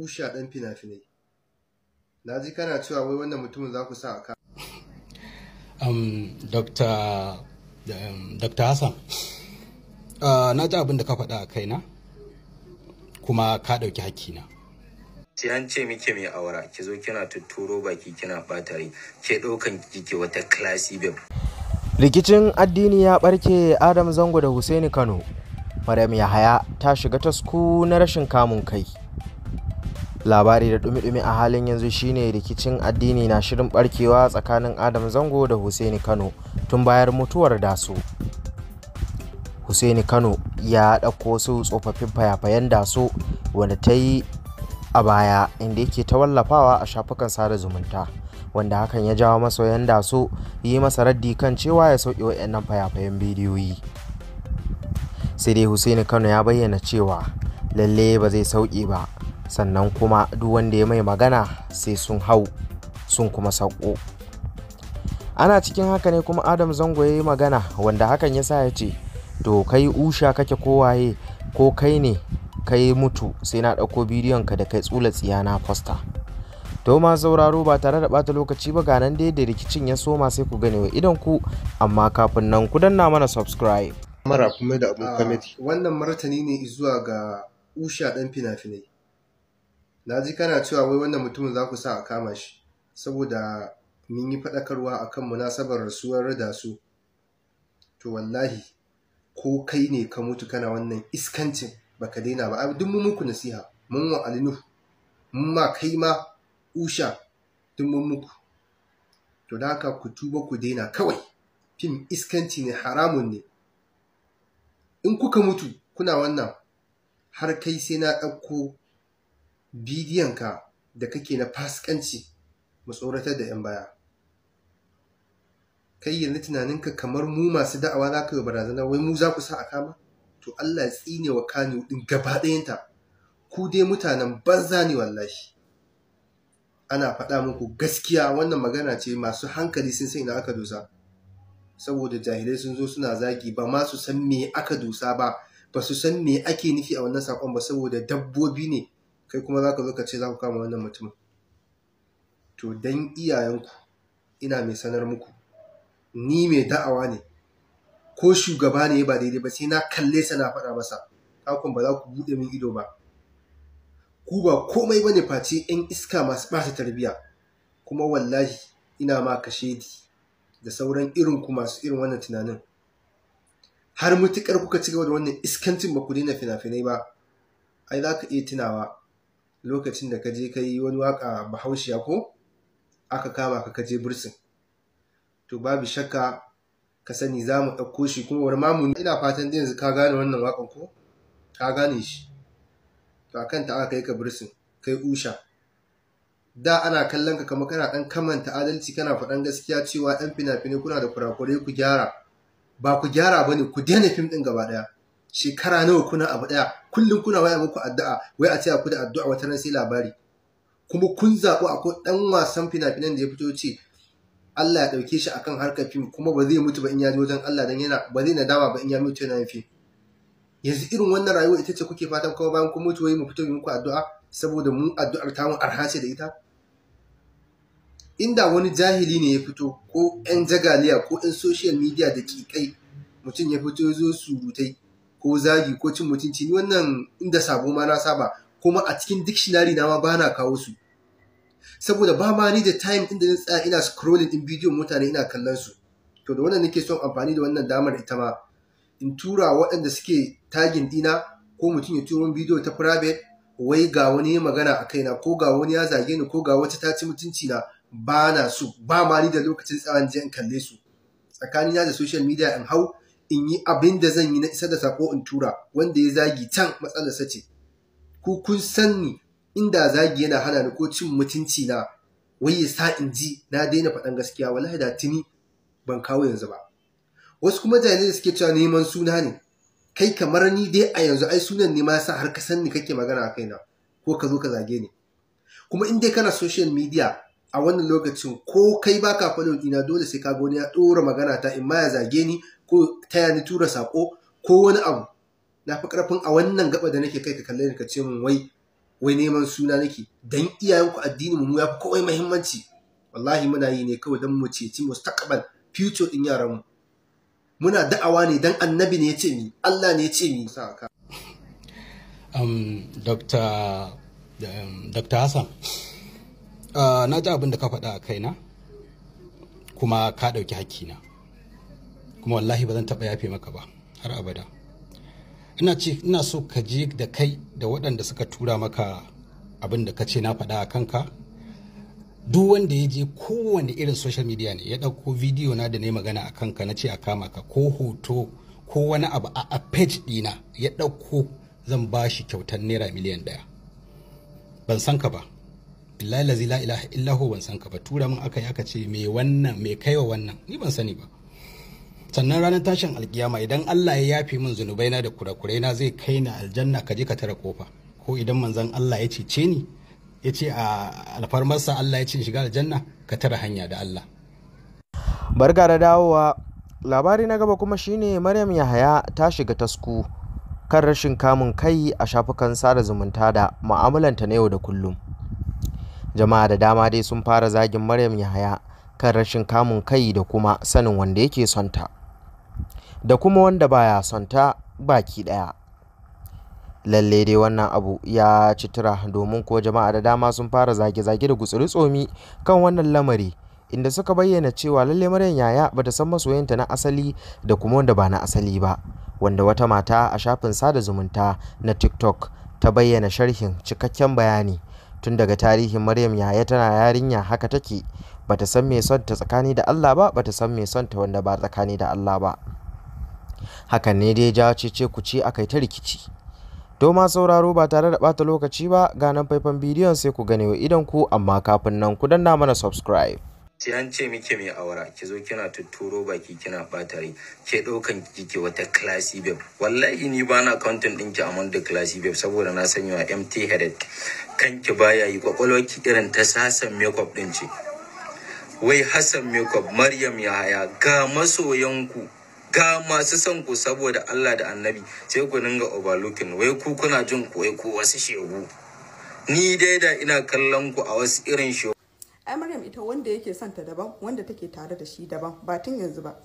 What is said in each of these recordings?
usha ɗan fina-finai na ji kana cewa wai wannan mutumin za ku sa a kan dr hassan na ji abin da ka faɗa a kaina kuma ka ɗauki hakkina sai an ce muke mai awara ki zo kina tutturo baki kina batare ke ɗaukan kike wata klasi babe rikicin addini ya ɓarke adam zango da husaini kano maryam yahaya ta shiga tasku na rashin kamun kai labari da dumi-dumi a halin yanzu shine rikicin addini na shirin barkewa tsakanin adam zango da husaini kano tun bayar mutuwar daso husaini kano ya ɗauko su tsofaffin fayafayen daso wanda ta yi a baya inda yake ta wallafawa a shafukan sada zumunta wanda hakan ya jawo masoyan daso yi masa raddi kan cewa ya sauke waɗannan fayafayen bidiyoyi sai dai husaini kano ya bayyana cewa lalle ba zai sauke ba sannan kuma duk wanda ya mai magana sai sun hau sun kuma sauko ana cikin haka ne kuma adam zango ya yi magana wanda hakan ya sa ya ce to kai usha kake kowaye ko kai ne kai mutu sai na ɗauko bidiyon ka da kai tsula tsiyana fosta to ma sauraro ba tare da ɓata lokaci ba ganan nan dai rikicin ya soma sai ku gane wa idan ku amma kafin nan ku danna mana subscribe mara kuma da abokan ah, wannan martani ne zuwa ga usha dan fina-finai na ji kana cewa wai wannan mutumin za ku sa a kama shi saboda mun yi faɗakarwa a kan munasabar rasuwar da su to wallahi ko kai ne ka mutu kana wannan iskancin ba ka daina ba duk mun muku nasiha mun wa alinu mun ma kai ma usha duk mun muku to da haka ku tuba ku daina kawai fim iskanci ne haramun ne in kuka mutu kuna wannan har kai sai na ɗauko bidiyonka da kake na faskanci mu tsoratar da 'yan baya kai yanzu tunaninka kamar mu masu da'awa za ka yi barazana wai mu za ku sa a kama to Allah ya tsine wa kanu din gaba ɗayanta ku dai mutanen banza ne wallahi ana faɗa muku gaskiya wannan magana ce masu hankali sun san ina aka dusa. saboda jahilai sun zo suna zagi ba ma su san me aka dusa ba ba su san me ake nufi a wannan sakon ba saboda dabbobi ne kai kuma za ka zo ka ce za ku kama wannan mutumin to don iyayenku ina mai sanar muku ni mai da'awa ne ko shugaba ne ba daidai ba sai na kalle sa na faɗa masa hakun ba za ku buɗe min ido ba ku ba komai bane face yan iska masu ɓata tarbiyya kuma wallahi ina ma di da sauran irin ku masu irin wannan tunanin har mutukar kuka cigaba da wannan iskancin ba ku daina fina-finai ba ai za ka iya tunawa lokacin da ka je ka yi wani waka bahaushiya ko aka kama ka kaje bursin to babu shakka ka sani za mu ɗauko shi kuma wani mamu ina fatan da yanzu ka gane wannan waƙan ko ka gane shi to akan ta aka kai ka bursin kai usha da ana kallon ka kama kana ɗan kamanta adalci kana faɗan gaskiya cewa ɗan fina-finai kuna da kurakurai ku gyara ba ku gyara ba ne ku daina fim ɗin gaba ɗaya shekara nawa kuna abu daya kullum kuna waya muku addu'a wai a ce ku da addu'a wata nan sai labari kuma kun zaɓi akwai ɗan wasan fina-finan da ya fito ce Allah ya ɗauke shi akan harkar fim kuma ba zai mutu ba in ya ji wajen Allah dan yana ba zai nadama ba in ya mutu yana yin yanzu irin wannan rayuwa ita ce kuke fatan kawai bayan kun mutu wai mu fito muku addu'a saboda mu addu'ar ta mu arha ce da ita inda wani jahili ne ya fito ko 'yan jagaliya ko 'yan social media da kikai mutum ya fito ya zo surutai ko zagi ko cin mutunci ni wannan inda sabo ma na saba kuma a cikin dictionary na ma bana kawo su saboda ba ma ni da time din da zan tsaya ina scrolling din video mutane ina kallon su to da wannan nake son amfani da wannan damar ita ma in tura waɗanda suke tagin dina ko mutum ya turo bidiyo ta private wai ga wani ya magana a kaina ko ga wani ya zage ni ko ga wata ta ci mutunci na ba na so ba ma ni da lokacin tsawon je in kalle su tsakanina da social media in hau in yi abin da zan yi na isa da sako in tura wanda ya zagi can matsalasa ce ku kun ni inda zagi yana hana ni ko cin mutunci na wai ya sa in ji na daina faɗan gaskiya wallahi da tuni ban kawo yanzu ba wasu kuma jahilai da suke cewa neman suna ne kai kamar ni dai a yanzu ai sunan ne ma yasa har ka san ni kake magana a kaina ko ka zo ka zage ni kuma in dai kana social media a wannan lokacin ko kai baka follow dina dole sai ka gani ya ɗora magana ta in ma ya zage ni ko taya ni tura sako ko wani abu na fi karfin a wannan gaba da nake kai ka kalle ni ka ce min wai wai neman suna nake dan ku addini mu ya fi kawai muhimmanci wallahi muna yi ne kawai dan mu ceci mustaqbal future din yaran mu muna da'awa ne dan annabi ne ya ce ni Allah ne ya ce ni um dr um, dr hassan Ah, na ji abin da ka faɗa a kaina kuma ka ɗauki hakkina kuma wallahi ba zan taɓa yafe maka ba har abada ina ce ina so ka je da kai da waɗanda suka tura maka abin da ka ce na faɗa a kanka duk wanda ya je kowane irin social media ne ya ɗauko bidiyo na da na yi magana a kanka na ce a kama ka ko hoto ko wani abu a page ɗina ya ɗauko zan ba shi kyautar naira miliyan ɗaya ban san ka ba billahi la ilaha illahu ban san ka ba tura min aka yi aka ce me wannan me kaiwa wannan ni ban sani ba sannan ranar tashin alkiyama idan Allah ya yafe min zunubai na da kurakurai na zai kai ni aljanna ka je ka tara kofa ko idan manzon Allah ya cece ni ya ce a alfarmarsa Allah ya ce shiga aljanna ka tara hanya da Allah barka da dawowa labari na gaba kuma shine Maryam Yahaya ta shiga tasku kan rashin kamun kai a shafukan sada zumunta da mu'amalanta na yau da kullum jama'a da dama dai sun fara zagin maryam yahaya kan rashin kamun kai da kuma sanin wanda yake sonta da kuma wanda baya sonta baki daya lalle dai wannan abu ya ci tura domin ko jama'a da dama sun fara zage-zage da gutsuri tsomi kan wannan lamari inda suka bayyana cewa lalle maryam yaya bata san masoyanta na asali da kuma wanda ba na asali ba wanda wata mata a shafin sada zumunta na tiktok ta bayyana sharhin cikakken bayani tun daga tarihin maryam yahaya tana yarinya haka take bata san me son ta tsakani da allah ba bata san me son ta wanda ba tsakani da allah ba hakan ne dai jawo cece ku ce aka ta rikici to sauraro ba tare da bata lokaci ba ga nan faifan bidiyon sai ku gane wa idan ku amma kafin nan ku danna mana subscribe sai an ce muke mai awara ki zo kina tutturo baki kina bata rai ke daukan kike wata classy babe wallahi ni ba na din dinki among da classy babe saboda na sanya wa MT headed kanki baya yi ki irin ta sasan makeup din ce wai Hassan makeup Maryam Yahaya ga masoyanku ga masu son ku saboda Allah da Annabi sai ku dinga overlooking wai ku kuna jin ku wai ku wasu shegu ni dai da ina kallon ku a wasu irin shegu ai maryam ita wanda yake son daban wanda take tare da shi daban ba tun yanzu ba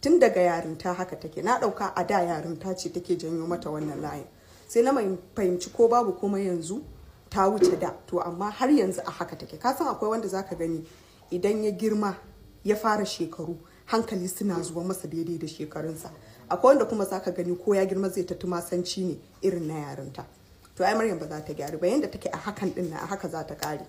tun daga yarinta haka take na ɗauka a da yarinta ce take janyo mata wannan layin sai na fahimci ko babu kuma yanzu ta wuce da to amma har yanzu a haka take kasan akwai wanda zaka gani idan ya girma ya fara shekaru hankali suna zuwa masa daidai da shekarunsa akwai wanda kuma zaka gani ko ya girma zai ta tumasanci ne irin na yarinta to ai maryam ba za ta gyaru ba yanda take a hakan din a haka za ta kare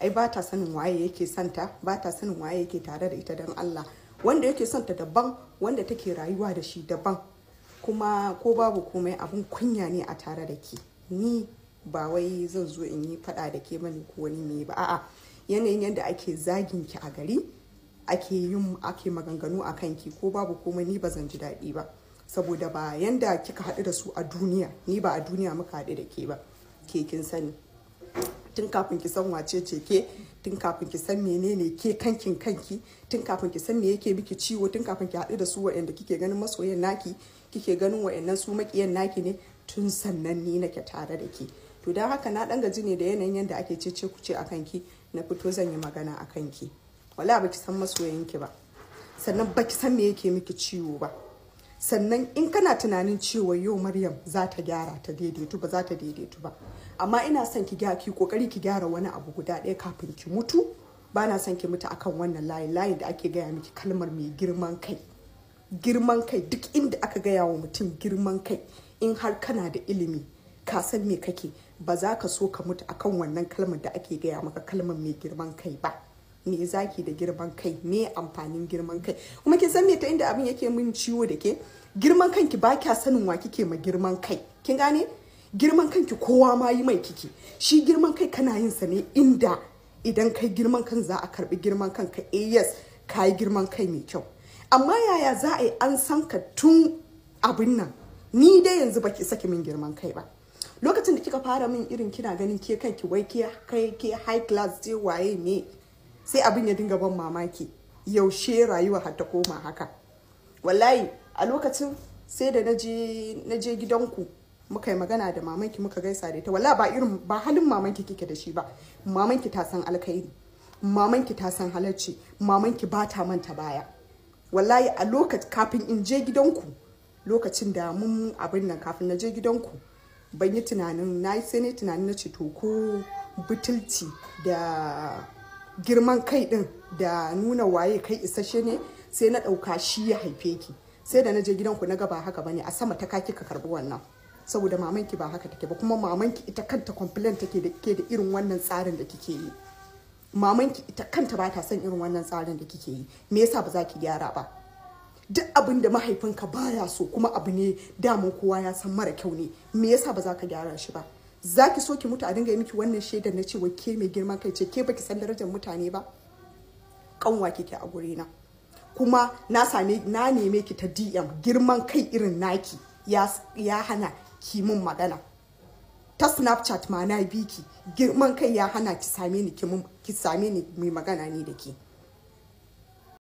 ai ba ta sanin waye yake santa ba ta sanin waye yake tare da ita dan Allah wanda yake santa daban wanda take rayuwa da shi daban kuma ko babu komai abin kunya ne a tare da ke ni ba wai zan zo in yi fada da ke mani ko wani me ba a'a yanayin yadda ake zagin ki a gari ake yin ake maganganu a kanki ko babu komai ni ba zan ji daɗi ba saboda ba yanda kika haɗu da su a duniya ni ba a duniya muka haɗu da ke ba ke kin sani tun kafin ki san wace ce ke tun kafin ki san menene ke kankin kanki tun kafin ki san me yake miki ciwo tun kafin ki haɗu da su waɗanda kike ganin masoyan naki kike ganin waɗannan su maƙiyan naki ne tun sannan ni nake tare da ke to don haka na ɗan gaji ne da yanayin yadda ake cece kuce a kanki na fito zan yi magana a kanki wala baki san masoyanki ba sannan baki san me yake miki ciwo ba sannan in kana tunanin cewa yau maryam za ta gyara ta daidaitu ba za ta daidaitu ba amma ina son ki ki kokari ki gyara wani abu guda ɗaya kafin ki mutu ba na son ki mutu akan wannan layi layi da ake gaya miki kalmar mai girman kai girman kai duk inda aka gaya wa mutum girman kai in har kana da ilimi ka san me kake ba za ka so ka mutu akan wannan kalmar da ake gaya maka kalmar mai girman kai ba me zaki da girman kai me amfanin girman kai kuma kin san me ta inda abin yake min ciwo da ke girman kanki ba kya sanin wa kike ma girman kai kin gane girman kanki kowa ma yi mai kiki shi girman kai kana yin sa ne inda idan kai girman kan za a karbi girman kanka eh yes kai girman kai mai kyau amma yaya za a yi an san ka tun abin nan ni dai yanzu baki saki min girman kai ba lokacin da kika fara min irin kina ganin ke kanki wai ke kai ke high class ce waye ne sai abin ya dinga ban mamaki yaushe rayuwa hatta koma haka wallahi a lokacin sai da na je gidanku muka yi magana da mamanki muka gaisa da ita wallahi ba irin ba halin mamanki kike da shi ba mamanki ta san alkhairi mamanki ta san halarci mamanki ba ta manta baya wallahi a lokacin kafin in je gidanku lokacin da mun abin nan kafin na je gidanku ban yi tunanin na yi sai ne tunanin na ce to ko butulci da girman kai din da nuna waye kai isasshe ne sai na ɗauka shi ya haife ki sai da na je gidanku na ga ba haka bane a sama ta kaki ka karbi wannan saboda mamanki ba haka take ba kuma mamanki ita kanta complain take da ke da irin wannan tsarin da kike yi mamanki ita kanta ba ta son irin wannan tsarin da kike yi me yasa ba za ki gyara ba duk abin da mahaifinka baya so kuma abu ne damun kowa ya san mara kyau ne me yasa ba za ka gyara shi ba za ki so ki mutu a dinga yi miki wannan shaidar na cewa ke mai girman kai ce ke baki san darajar mutane ba kanwa kike a gure na kuma na same na neme ki ta DM girman kai irin naki ya hana ki mun magana ta Snapchat ma na biki girman kai ya hana ki same ni ki same ni mai magana ni da ke